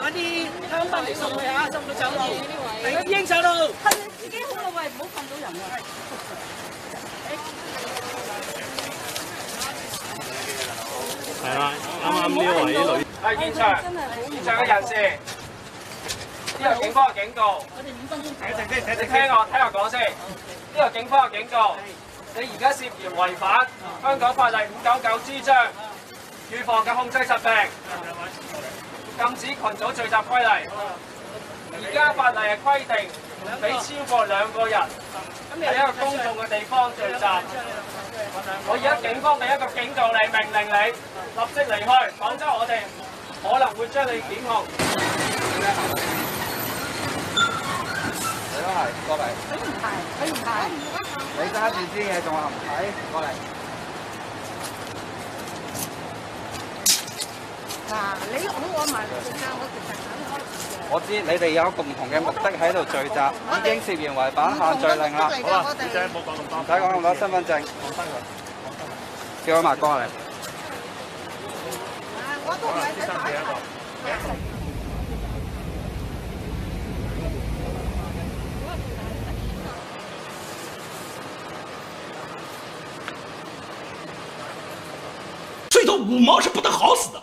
嗰啲香檳送佢嚇，送到酒樓，喺呢英酒樓，係你自己去啦，喂，唔好瞓到人㗎。係啊，啱啱呢位啲女係現場，現場嘅人士。呢個警方嘅警告，我哋五分鐘。你聽我聽我講先。呢個警方嘅警告，你而家涉嫌違反香港法例五九九之章，預防及控制疾病。禁止群組聚集規例，而家法例嘅規定，俾超過兩個人，咁你喺一個公共嘅地方聚集。我而家警方俾一個警告你，命令你立即離開。否則我哋可能會將你檢控。都係各位。睇唔睇？睇唔睇？你揸住啲嘢仲唔睇，過嚟。啊！你好我埋你啊！我知你哋有共同嘅目的喺度聚集，已經涉嫌違反限聚令啦！好啦，唔使講咁多，唔使講咁多，身份證，叫埋哥嚟。最多五毛是不得好死的。